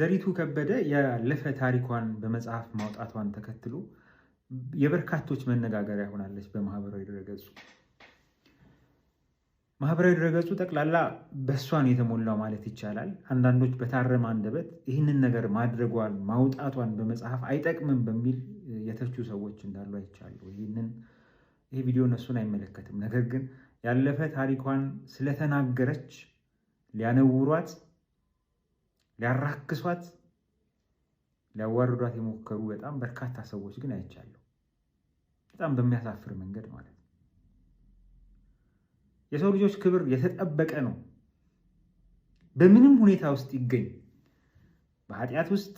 ዘሪቱ ከበደ ያለፈ ታሪኳን በመጽሐፍ ማውጣቷን ተከትሎ የበርካቶች መነጋገሪያ ሆናለች። በማህበራዊ ድረገጹ ማህበራዊ ድረገጹ ጠቅላላ በእሷን የተሞላው ማለት ይቻላል። አንዳንዶች በታረመ አንደበት ይህንን ነገር ማድረጓን ማውጣቷን በመጽሐፍ አይጠቅምም በሚል የተቹ ሰዎች እንዳሉ አይቻሉ። ይህንን ይህ ቪዲዮ እነሱን አይመለከትም። ነገር ግን ያለፈ ታሪኳን ስለተናገረች ሊያነውሯት ሊያራክሷት፣ ሊያዋርዷት የሞከሩ በጣም በርካታ ሰዎች ግን አይቻለሁ። በጣም በሚያሳፍር መንገድ ማለት ነው። የሰው ልጆች ክብር የተጠበቀ ነው። በምንም ሁኔታ ውስጥ ይገኝ፣ በኃጢአት ውስጥ፣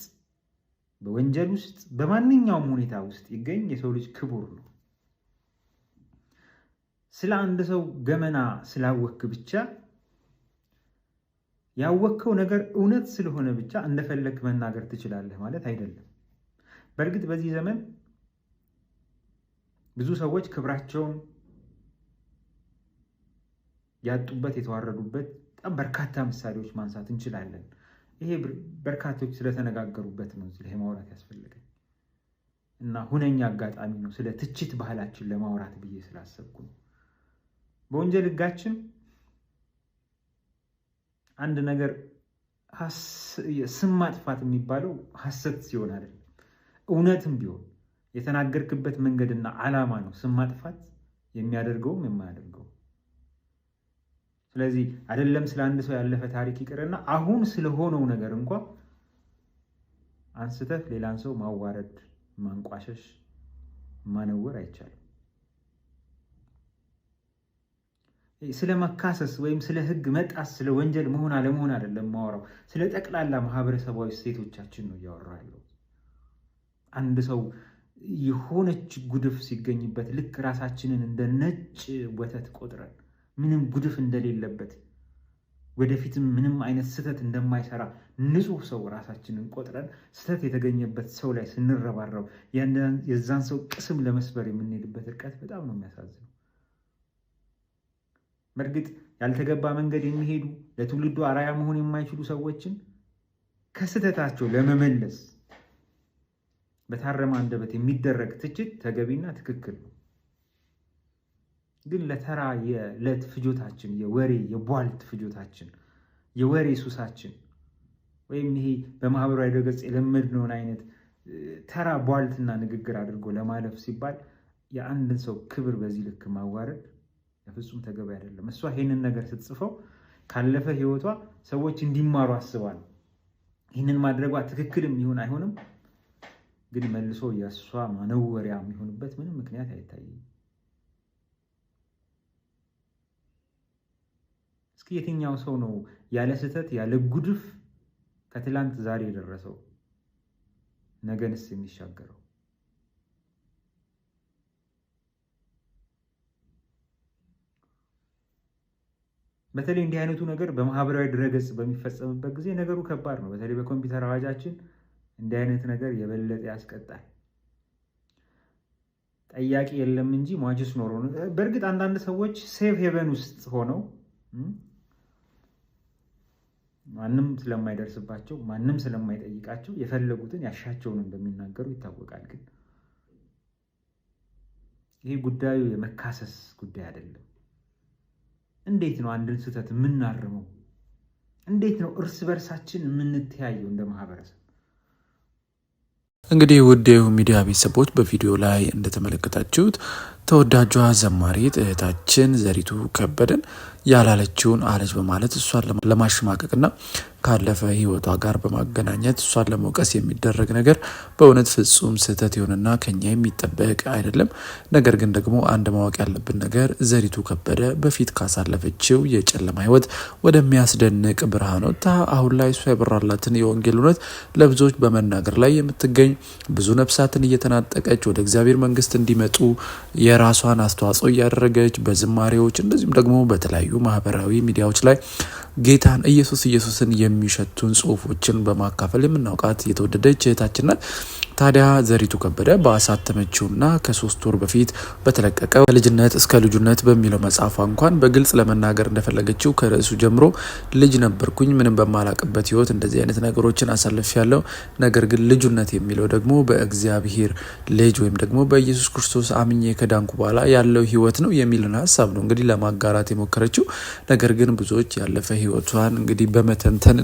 በወንጀል ውስጥ፣ በማንኛውም ሁኔታ ውስጥ ይገኝ፣ የሰው ልጅ ክቡር ነው። ስለ አንድ ሰው ገመና ስላወክ ብቻ ያወቅከው ነገር እውነት ስለሆነ ብቻ እንደፈለክ መናገር ትችላለህ ማለት አይደለም። በእርግጥ በዚህ ዘመን ብዙ ሰዎች ክብራቸውን ያጡበት የተዋረዱበት በጣም በርካታ ምሳሌዎች ማንሳት እንችላለን። ይሄ በርካቶች ስለተነጋገሩበት ነው ስለ ማውራት ያስፈለገኝ እና ሁነኛ አጋጣሚ ነው ስለ ትችት ባህላችን ለማውራት ብዬ ስላሰብኩ ነው። በወንጀል ሕጋችን አንድ ነገር ስም ማጥፋት የሚባለው ሀሰት ሲሆን አይደለም። እውነትም ቢሆን የተናገርክበት መንገድና ዓላማ ነው ስም ማጥፋት የሚያደርገውም የማያደርገው። ስለዚህ አይደለም ስለ አንድ ሰው ያለፈ ታሪክ ይቅርና አሁን ስለሆነው ነገር እንኳ አንስተህ ሌላን ሰው ማዋረድ፣ ማንቋሸሽ፣ ማነወር አይቻልም። ስለ መካሰስ ወይም ስለ ህግ መጣስ ስለ ወንጀል መሆን አለመሆን አይደለም ማወራው፣ ስለ ጠቅላላ ማህበረሰባዊ እሴቶቻችን ነው እያወራ ያለው። አንድ ሰው የሆነች ጉድፍ ሲገኝበት ልክ ራሳችንን እንደ ነጭ ወተት ቆጥረን ምንም ጉድፍ እንደሌለበት ወደፊትም ምንም አይነት ስህተት እንደማይሰራ ንጹህ ሰው ራሳችንን ቆጥረን ስህተት የተገኘበት ሰው ላይ ስንረባረብ የዛን ሰው ቅስም ለመስበር የምንሄድበት እርቀት በጣም ነው የሚያሳዝነው። በእርግጥ ያልተገባ መንገድ የሚሄዱ ለትውልዱ አራያ መሆን የማይችሉ ሰዎችን ከስህተታቸው ለመመለስ በታረመ አንደበት የሚደረግ ትችት ተገቢና ትክክል ነው። ግን ለተራ የዕለት ፍጆታችን፣ የወሬ የቧልት ፍጆታችን፣ የወሬ ሱሳችን ወይም ይሄ በማህበራዊ ድረገጽ የለመድነውን አይነት ተራ ቧልትና ንግግር አድርጎ ለማለፍ ሲባል የአንድን ሰው ክብር በዚህ ልክ ማዋረድ ለፍጹም ተገቢ አይደለም። እሷ ይህንን ነገር ስትጽፈው ካለፈ ህይወቷ ሰዎች እንዲማሩ አስባል። ይህንን ማድረጓ ትክክልም ይሁን አይሆንም ግን መልሶ የእሷ ማነወሪያ የሚሆንበት ምንም ምክንያት አይታይም። እስኪ የትኛው ሰው ነው ያለ ስህተት ያለ ጉድፍ ከትላንት ዛሬ የደረሰው ነገንስ የሚሻገረው? በተለይ እንዲህ አይነቱ ነገር በማህበራዊ ድረገጽ በሚፈጸምበት ጊዜ ነገሩ ከባድ ነው። በተለይ በኮምፒውተር አዋጃችን እንዲህ አይነት ነገር የበለጠ ያስቀጣል። ጠያቂ የለም እንጂ ሟጅስ ኖሮ ነው። በእርግጥ አንዳንድ ሰዎች ሴፍ ሄቨን ውስጥ ሆነው ማንም ስለማይደርስባቸው ማንም ስለማይጠይቃቸው የፈለጉትን ያሻቸውን እንደሚናገሩ ይታወቃል። ግን ይህ ጉዳዩ የመካሰስ ጉዳይ አይደለም። እንዴት ነው አንድን ስህተት የምናርመው? እንዴት ነው እርስ በርሳችን የምንተያየው እንደ ማህበረሰብ? እንግዲህ ውድ ሚዲያ ቤተሰቦች በቪዲዮ ላይ እንደተመለከታችሁት ተወዳጇ ዘማሪት እህታችን ዘሪቱ ከበደን ያላለችውን አለች በማለት እሷን ለማሸማቀቅና ካለፈ ህይወቷ ጋር በማገናኘት እሷን ለመውቀስ የሚደረግ ነገር በእውነት ፍጹም ስህተት የሆነና ከኛ የሚጠበቅ አይደለም። ነገር ግን ደግሞ አንድ ማወቅ ያለብን ነገር ዘሪቱ ከበደ በፊት ካሳለፈችው የጨለማ ህይወት ወደሚያስደንቅ ብርሃን ወጥታ አሁን ላይ እሷ የበራላትን የወንጌል እውነት ለብዙዎች በመናገር ላይ የምትገኝ ብዙ ነፍሳትን እየተናጠቀች ወደ እግዚአብሔር መንግስት እንዲመጡ የራሷን አስተዋጽኦ እያደረገች በዝማሬዎች እንደዚሁም ደግሞ በተለያዩ ማህበራዊ ሚዲያዎች ላይ ጌታን ኢየሱስ ኢየሱስን የሚሸቱን ጽሁፎችን በማካፈል የምናውቃት የተወደደች እህታችን ናት። ታዲያ ዘሪቱ ከበደ በአሳተመችውና ከሶስት ወር በፊት በተለቀቀው ከልጅነት እስከ ልጁነት በሚለው መጽሐፏ እንኳን በግልጽ ለመናገር እንደፈለገችው ከርዕሱ ጀምሮ ልጅ ነበርኩኝ፣ ምንም በማላቅበት ህይወት እንደዚህ አይነት ነገሮችን አሳልፍ ያለው ነገር ግን ልጁነት የሚለው ደግሞ በእግዚአብሔር ልጅ ወይም ደግሞ በኢየሱስ ክርስቶስ አምኜ ከዳንኩ በኋላ ያለው ህይወት ነው የሚልን ሀሳብ ነው እንግዲህ ለማጋራት የሞከረችው። ነገር ግን ብዙዎች ያለፈ ህይወቷን እንግዲህ በመተንተን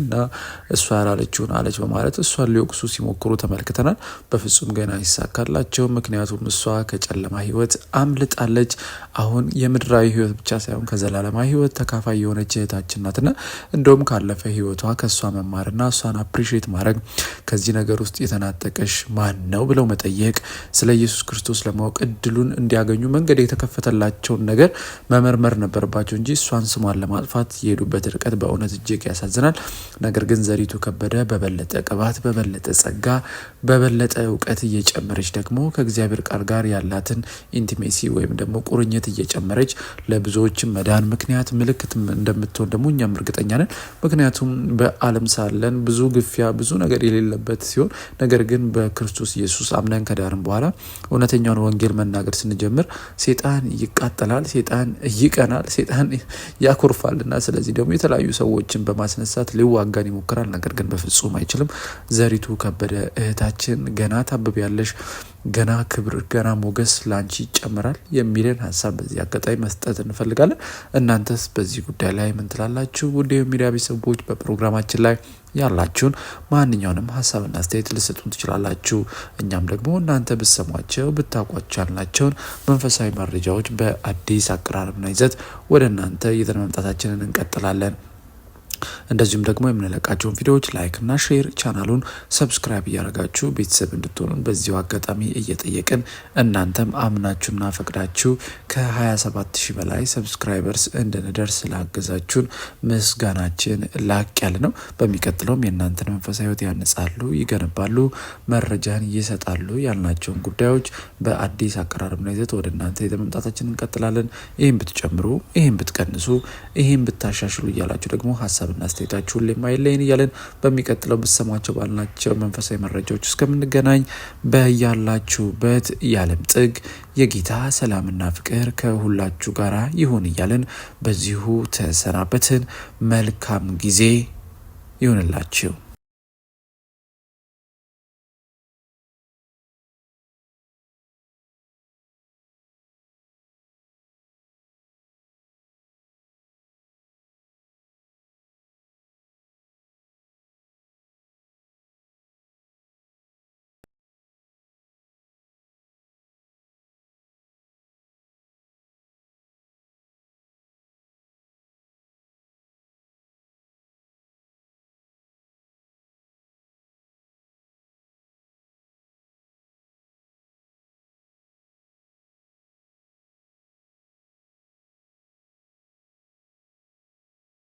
እሷ ያላለችውን አለች በማለት እሷን ሊወቅሱ ሲሞክሩ ተመልክተናል። በፍጹም ገና ይሳካላቸው። ምክንያቱም እሷ ከጨለማ ህይወት አምልጣለች። አሁን የምድራዊ ህይወት ብቻ ሳይሆን ከዘላለማ ህይወት ተካፋይ የሆነች እህታችን ናትና እንደውም ካለፈ ህይወቷ ከእሷ መማርና እሷን አፕሪሼት ማድረግ ከዚህ ነገር ውስጥ የተናጠቀሽ ማን ነው ብለው መጠየቅ ስለ ኢየሱስ ክርስቶስ ለማወቅ እድሉን እንዲያገኙ መንገድ የተከፈተላቸውን ነገር መመርመር ነበረባቸው እንጂ እሷን ስሟን ለማጥፋት የሄዱበት ርቀት በእውነት እጅግ ያሳዝናል። ነገር ግን ዘሪቱ ከበደ በበለጠ ቅባት፣ በበለጠ ጸጋ፣ በበለጠ የበለጠ እውቀት እየጨመረች ደግሞ ከእግዚአብሔር ቃል ጋር ያላትን ኢንቲሜሲ ወይም ደግሞ ቁርኝት እየጨመረች ለብዙዎችም መዳን ምክንያት ምልክት እንደምትሆን ደግሞ እኛም እርግጠኛ ነን። ምክንያቱም በዓለም ሳለን ብዙ ግፊያ፣ ብዙ ነገር የሌለበት ሲሆን ነገር ግን በክርስቶስ ኢየሱስ አምነን ከዳርን በኋላ እውነተኛውን ወንጌል መናገር ስንጀምር ሴጣን ይቃጠላል፣ ሴጣን ይቀናል፣ ሴጣን ያኮርፋል እና ስለዚህ ደግሞ የተለያዩ ሰዎችን በማስነሳት ሊዋጋን ይሞክራል። ነገር ግን በፍጹም አይችልም። ዘሪቱ ከበደ እህታችን ገና ታብቢያለሽ፣ ገና ክብር፣ ገና ሞገስ ለአንቺ ይጨምራል የሚልን ሀሳብ በዚህ አጋጣሚ መስጠት እንፈልጋለን። እናንተስ በዚህ ጉዳይ ላይ ምን ትላላችሁ? ውድ የሚዲያ ቤተሰቦች በፕሮግራማችን ላይ ያላችሁን ማንኛውንም ሀሳብና አስተያየት ልሰጡን ትችላላችሁ። እኛም ደግሞ እናንተ ብትሰሟቸው ብታውቋቸው ያልናቸውን መንፈሳዊ መረጃዎች በአዲስ አቀራረብና ይዘት ወደ እናንተ እየተመምጣታችንን እንቀጥላለን። እንደዚሁም ደግሞ የምንለቃቸውን ቪዲዮዎች ላይክና ሼር ቻናሉን ሰብስክራይብ እያደረጋችሁ ቤተሰብ እንድትሆኑን በዚሁ አጋጣሚ እየጠየቅን እናንተም አምናችሁና ፈቅዳችሁ ከ27000 በላይ ሰብስክራይበርስ እንድንደርስ ስላገዛችሁን ምስጋናችን ላቅ ያለ ነው። በሚቀጥለውም የእናንተን መንፈሳዊ ህይወት ያነጻሉ፣ ይገነባሉ፣ መረጃን ይሰጣሉ ያልናቸውን ጉዳዮች በአዲስ አቀራረብና ይዘት ወደ እናንተ የተመምጣታችን እንቀጥላለን። ይህም ብትጨምሩ፣ ይህም ብትቀንሱ፣ ይህም ብታሻሽሉ እያላችሁ ደግሞ ሀሳብ ሀሳብና አስተያየታችሁ ሁሌም እያለን በሚቀጥለው ብሰማቸው ባልናቸው መንፈሳዊ መረጃዎች እስከምንገናኝ በያላችሁበት የዓለም ጥግ የጌታ ሰላምና ፍቅር ከሁላችሁ ጋር ይሁን እያለን በዚሁ ተሰናበትን። መልካም ጊዜ ይሁንላችሁ።